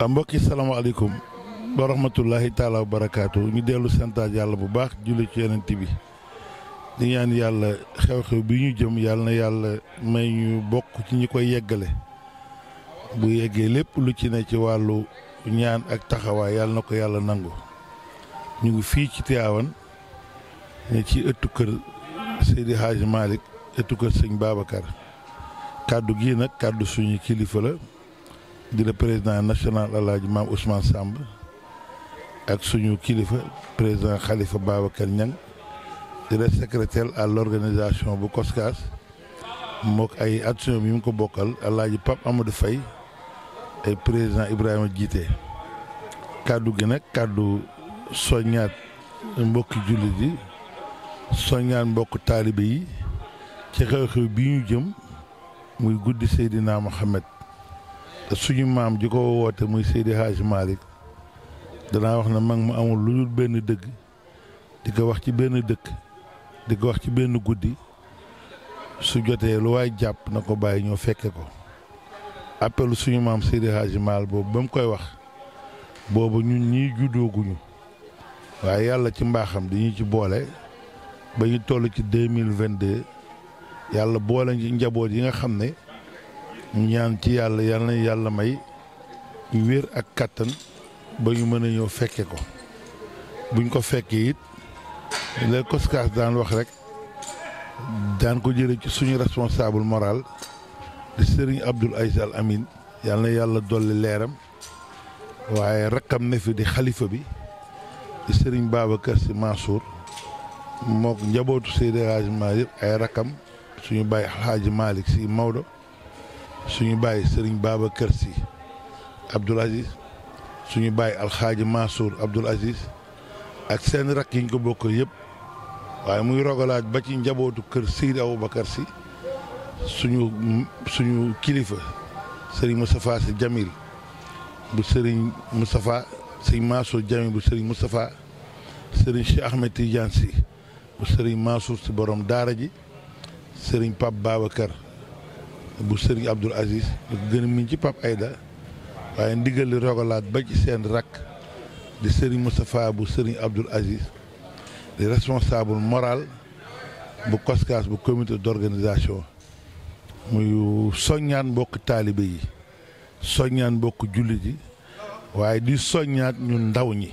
Ah, mbokk yi salaamaaleykum wa rahmatullahi taala wa barakaatu ñu dellu santaat yàlla bu baax julli ci yonent bi di ñaan yàlla xew-xew bi ñu jëm yàlla na yàlla may ñu bokk ci ñu koy yeggale bu yeggee lépp lu ci ne ci wàllu ñaan ak taxawaay yàlla na ko yàlla nangu ñu ngi fii ci Tiwaawan ne ci ëttu kër Seydi Hadji Malick kër sëñ Babacar kàddu gii nag kàddu suñu kilifa la de la président national alaaji Mam Ousmane Samba, ak suñu kilifa président Khalifa Babacar Niang di la secrétaire à l'organisation bu Koskas mok ay action yi ko bokal alaaji Pape Amadou Faye ay président Ibrahima Djité kaddu gi nak kaddu soñat mbok jullit yi soññaat mbokk taalibe ci xew-xew bi ñu jëm muy guddi Seydina Mohamed te suñu maam ji ko woote muy Seydi Hadji Malick danaa wax ne mag mu amul lu dul benn dëgg di ko wax ci benn dëkk di ko wax ci benn guddi su jotee lu waay jàpp na ko bàyyi ñoo fekke ko appelu suñu maam Seydi Hadji boobu ba mu koy wax boobu ñun ñii juddooguñu waaye yàlla ci mbaaxam dañuy ci boole ba ñu toll ci deux mille vingt deux yàlla boole ci njaboot yi nga xam ne ñu ñaan ci yàlla yal nañu yàlla may wér ak kattan ba ñu mën a ñëw fekke ko buñ ko fekkee it les koskaas daan wax rek daan ko jëlee ci suñu responsable moral di sëriñ abdul Aziz Al Amin yal na yàlla dolli leeram waaye rakam ne fi di xalifa bi di sëriñ Babacar Sy Mansour mook njabootu Seydi Hadji yëpp ay rakam suñu bàyyi Alhaaji Malick si mawdo suñu bàyyi sëriñ Babacar Sy Abdoul Aziz suñu bàyyi alxaaji Mansour Abdoul ak seen rakk yi ñu ko bokk yëpp waaye muy rogalaat ba ci njabootu kër Seydi Aboubacar si suñu suñu kilifa sëriñ Moustapha Sy Jamil bu sëriñ Moustapha sëriñ Mansour Jamil sëriñ Moustapha sëriñ Cheikh Ahmed Tidiane si bu sëriñ Mansour Sy borom daara ji sëriñ Pape Babacar bu sëriñ Abdoul Aziz lu gën a miin ci Pape Aïda waaye ndigal li rogalaat ba ci seen rakk di sëriñ Moustapha bu sëriñ Abdoul Aziz di responsable moral bu COSCAS bu comité d'organisation muy soññaan bokk taalibe yi soññaan mbokk jullit yi waaye di soññaat ñu ndaw ñi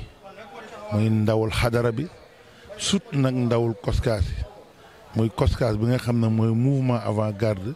muy ndawul xadara bi surtout nag ndawul COSCAS yi muy COSCAS bi nga xam ne mooy mouvement avant-garde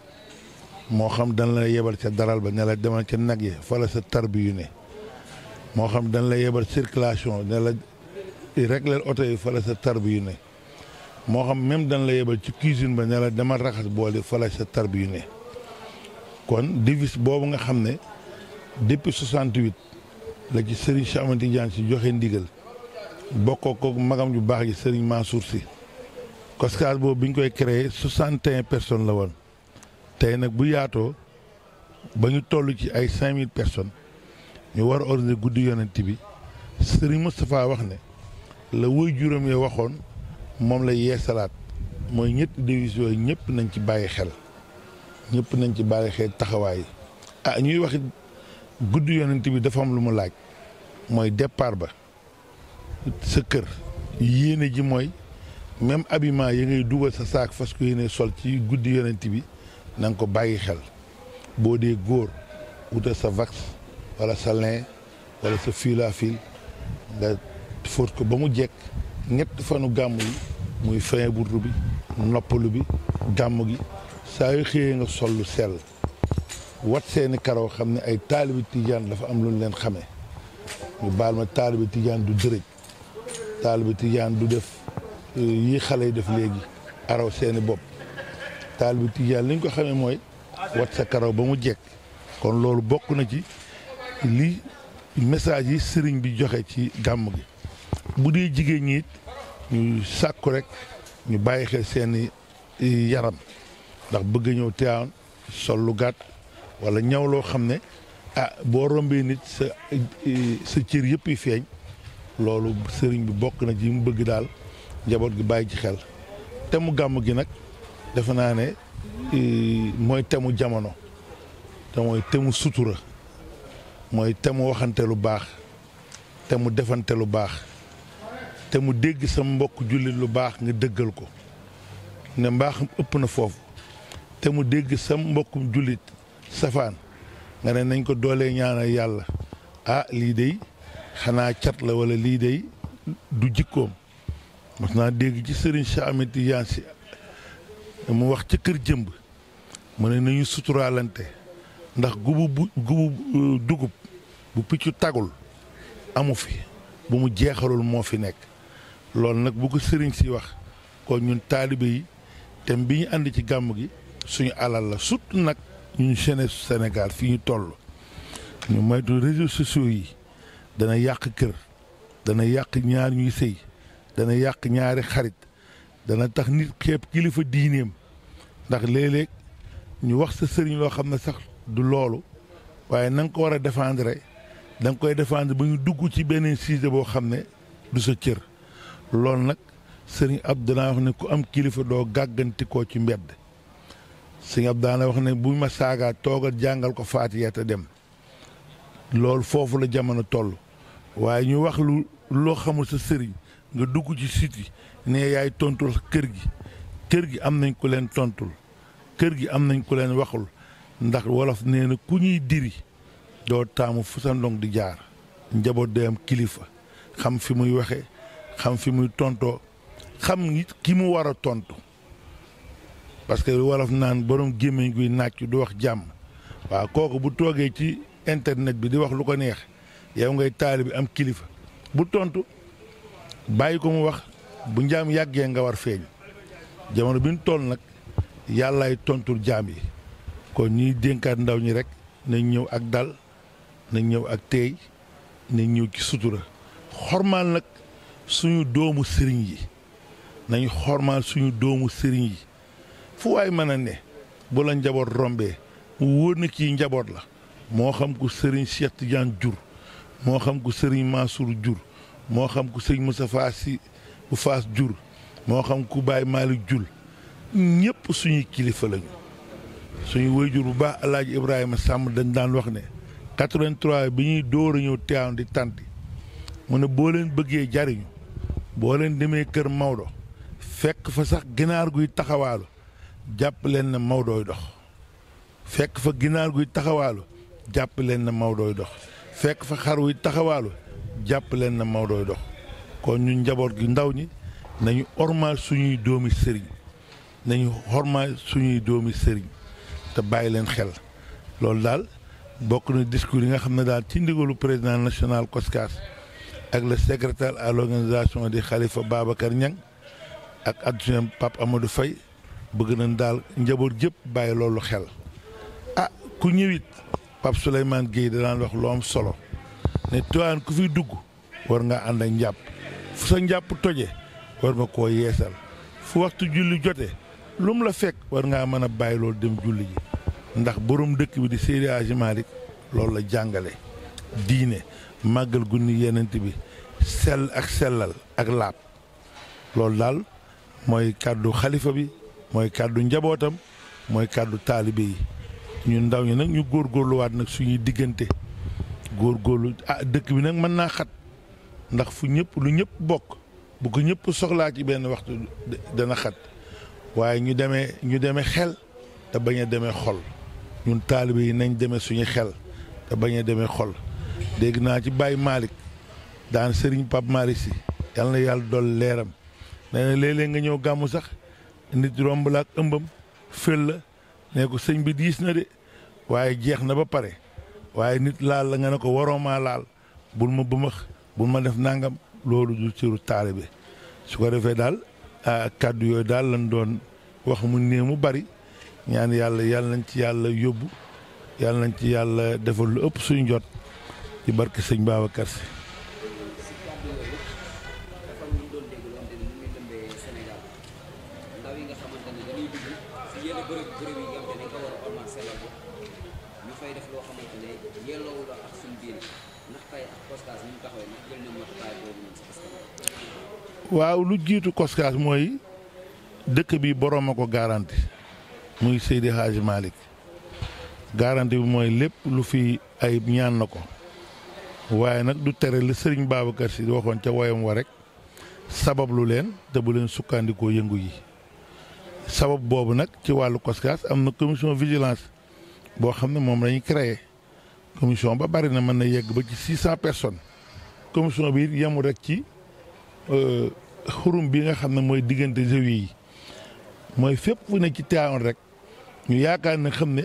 moo xam dañ la yebal ca daral ba ne la demal ca nag ya fa la sa yu ne moo xam dañ lay yebal circulation ne la régler oto yi fa la sa yu ne moo xam même dañ lay yebal ci cuisine ba ne la demal raxas boole yi fa la sa tarbiyu ne kon devise boobu nga xam ne depuis 68 la ci Serigne Cheikh Ahmadou Tidiane si joxe ndigal bokkoo ko magam ju baax ji Serigne Mansour si COSCAS boobu bi ñu koy créé 61 personnes la woon. tey nag bu yaatoo ba ñu toll ci ay cinq mille ñu war a organiser guddi yonent bi Serigne Moustapha wax ne la woy juróom ya waxoon moom la yeesalaat mooy ñetti division yooyu ñëpp nañ ci bàyyi xel ñëpp nañ ci bàyyi xel taxawaay ah ñuy wax it guddi yonent bi dafa am lu mu laaj mooy départ ba sa kër yéene ji mooy même habillement yi ngay dugal sa saak fas ko sol ci guddi yonent bi na ko bàyyi xel boo dee góor wutal sa vax wala sa lin wala sa fil nga fóot ko ba mu jekk ñett fanu gàmm yi muy fin burtu bi noppalu bi gàmm gi saa yu xëyee nga sol lu sel wat seeni karaw xam ne ay taalibi tijaan dafa am lu ñu leen xamee ñu baal ma taalibi tijaan du dërëj taalibi tijaan du def eh, yi xale yi def léegi araw seeni bopp taalibu tijaan liñ ko xame mooy wat sa karaw ba mu jekk kon loolu bokk na ci li message yi sëriñ bi joxe ci gàmm gi bu dee jigéen ñi ñu sàkku rekk ñu bàyyi xel seeni e, yaram ndax bëgg ñëw teewoon sol lu gàtt walla ñaw loo xam ne ah boo rombee nit sa e, sa cër yëpp yi feeñ loolu sëriñ bi bokk na ci mu bëgg daal njaboot gi bàyyi ci xel te mu gàmm gi nag defe naa ne mooy temu jamono te mooy temu sutura mooy temu waxante lu baax mu defante lu baax te mu dégg sa mbokk jullit lu baax ngi dëggal ko ne mbaaxam ëpp na foofu te mu dégg sa mbokkum jullit safaan nga ne nañ ko doolee ñaanal yàlla ah lii dey xanaa cat la wala lii dey du jikkoom mas naa dégg ci sëriñ Cheikh Ahmed Tidiane Sy mu wax ca kër jëmb mu ne nañu suturaalante ndax gubu bu gubu euh, dugub bu piccu tagul amu fi bu mu jeexalul moo fi nekk loolu nag bu ko sëriñ si wax kon ñun taalibe yi thème bi ñu ànd ci gàmm gi suñu alal la surtout nag ñun jeunesse Sénégal fi ñu toll ñu moytu réseaux sociaux yi dana yàq kër dana yàq ñaar ñuy sëy dana yàq ñaari xarit dana tax nit xeeb kilifa diineem ndax léeg ñu wax sa sëriñ loo xam ne sax du loolu waaye na nga ko war a défendre da nga koy défendre ba ñu dugg ci beneen sujet boo xam ne du sa cër loolu nag sëriñ ab danaa wax ne ku am kilifa doo gàgganti ko ci mbedd sëriñ ab daana wax ne bu ma saagaa toogal jàngal ko faatiya te dem loolu foofu la jamono toll waaye ñu wax lu loo xamul sa sëriñ nga dugg ci siti ne yaay tontul kër gi kër gi am nañ ku leen tontul kër gi am nañ ku leen waxul ndax wolof nee na ku ñuy diri doo taamu fu sa ndong di jaar njaboot day am kilifa xam fi muy waxe xam fi muy tontoo xam ngi ki mu war a tontu parce que wolof naan borom gémmiñ guy yi du wax jàmm waaw kooku bu toogee ci internet bi di wax lu ko neex yow ngay taali bi am kilifa bu tontu bàyyi ko mu wax bu njaam yàggee nga war feeñ jamono bi ñu toll nag yàllaay tontul jaam yi kon ñuy dénkaat ndaw ñi rek nañ ñëw ak dal nañ ñëw ak teey nañ ñëw ci sutura xormaal nag suñu doomu sëriñ yi nañ xormaal suñu doomu sëriñ yi fu waay mën a ne bu la njaboot rombee mu wóor na kii njaboot la moo xam ku sëriñ Cheikh Tidiane jur moo xam ku sëriñ Mansour jur moo xam ku sëriñ Moustapha Sy fu faas jur moo xam ku Baay Maalik jul ñëpp suñuy kilifa lañu suñu wayjur bu baax alaaji Ibrahima sàmm dañ daan wax ne 83 bi ñuy door a ñëw Tiwaawan di tànti mu ne boo leen bëggee jariñu boo leen demee kër Maodo fekk fa sax ginaar guy taxawaalu jàpp leen ne Maodooy dox fekk fa ginaar guy taxawaalu jàpp leen ne Maodooy dox fekk fa xar wuy taxawaalu jàpp leen ne Maodooy dox kon ñu njaboot gi ndaw ñi nañu ormaal suñuy doomi sëriñ nañu ormaal suñuy doomi sëriñ te bàyyi leen xel loolu daal bokk na discours yi nga xam ne daal ci ndigalu président national COSCAS ak le secrétaire à l'organisation di xalifa Babacar Niang ak adjoint Pape Amadou Faye bëgg nañ daal njaboot jëpp bàyyi loolu xel ah ku ñëwit Pape Souleymane Guèye danaan wax lu am solo ne Tivaouane ku fi dugg war nga ànd ak njàpp fu sa njàpp toje war ma koo yeesal fu waxtu julli jote lum la fekk war ngaa mën a bàyyi loolu dem julli ji ndax borom dëkk bi di Seydi Hadji Malick loolu la jàngale diine màggal gunni yenent bi sel ak sellal ak laab loolu daal mooy kàddu xalifa bi mooy kàddu njabootam mooy kàddu taalibe yi ñu ndaw ñi nag ñu góorgóorluwaat nag suñuy diggante góorgóorlu ah dëkk bi nag mën xat ndax fu ñëpp lu ñëpp bokk bu ko ñëpp soxlaa ci benn waxtu dana xat waaye ñu demee ñu demee xel te bañ a demee xol ñun taalibe yi nañ demee suñu xel te bañ a demee xol dégg naa ci Baye Malick daan sëriñ Pape Malick si yàlla na yàlla dool leeram nee na léeg nga ñëw gàmmu sax nit romb la ak ëmbam fël la ne ko sëñ bi diis na de waaye jeex na ba pare waaye nit laal la nga ne ko waroo laal bul ma bëmëx bu ma def nangam loolu du ciru taalibe su ko defee daal kàddu yooyu daal lañ doon wax mu néew mu bari ñaan yàlla yàlla nañ ci yàlla yóbbu yàlla nañ ci yàlla defal lu ëpp suñ jot ci barke sëñ Babacar Si waaw lu jiitu koskaas mooy dëkk bi borom a ko garanti muy Seydi Hadji Malick garanti bi mooy lépp lu fi ay ñaan na ko waaye nag du tere li sëriñ Babacar di waxoon ca woyam wa rek sabablu leen te bu leen sukkandikoo yëngu yi sabab boobu nag ci wàllu koskaas am na commission vigilance boo xam ne moom lañuy créer commission ba bari na mën na yegg ba ci six cent personnes commission bi rek ci euh, xurum bi nga xam ne mooy diggante zawiya yi mooy fépp fu ne ci Tiwaawan rek ñu yaakaar ne xam ne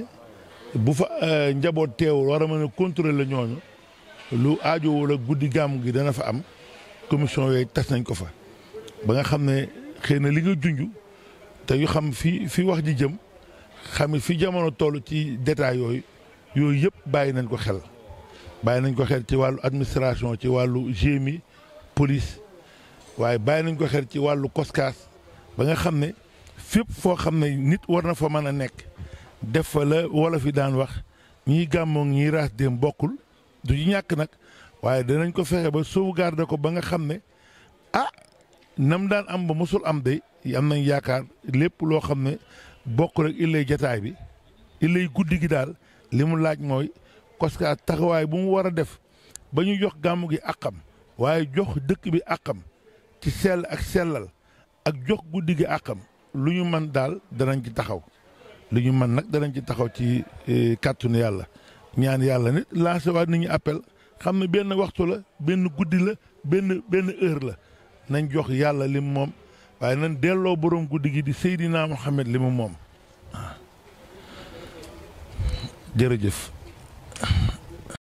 bu fa euh, njaboot teewul war a mën a contrôler la lu aajowul ak guddi gàmm gi dana fa am commission yooyu tas nañ ko fa. ba nga xam ne xëy na li nga te yu xam fi fi wax ji jëm xam fi jamono toll ci détail yooyu yooyu yëpp bàyyi nañ ko xel bàyyi nañ ko xel ci wàllu administration ci wàllu GMI police. waaye bàyyi nañ ko xel ci wàllu koskaas ba nga xam ne fépp foo xam ne nit war na fa mën a nekk def fa la wolof yi daan wax ñiy gàmmoo ñiy raas dem bokkul du ñu ñàkk nag waaye danañ ko fexe ba sauvegarde ko ba nga xam ne ah nam daan am ba mosul am day am nañ yaakaar lépp loo xam ne bokkul ak illay jataay bi illay guddi gi daal li mu laaj mooy koskaas taxawaay bu mu war a def ba ñu jox gàmmu gi àqam waaye jox dëkk bi àqam ci sell ak sellal ak jox guddi gi àqam lu ñu mën daal danañ ci taxaw lu ñu mën nag danañ ci taxaw ci eh, kàttanu yàlla ñaan yàlla nit lancé waat nit ñi appel xam ne benn waxtu la benn guddi la benn benn heure la nañ jox yàlla lim moom waaye nañ delloo borom guddi gi di Seydina Mohamed limu moom ah. jërëjëf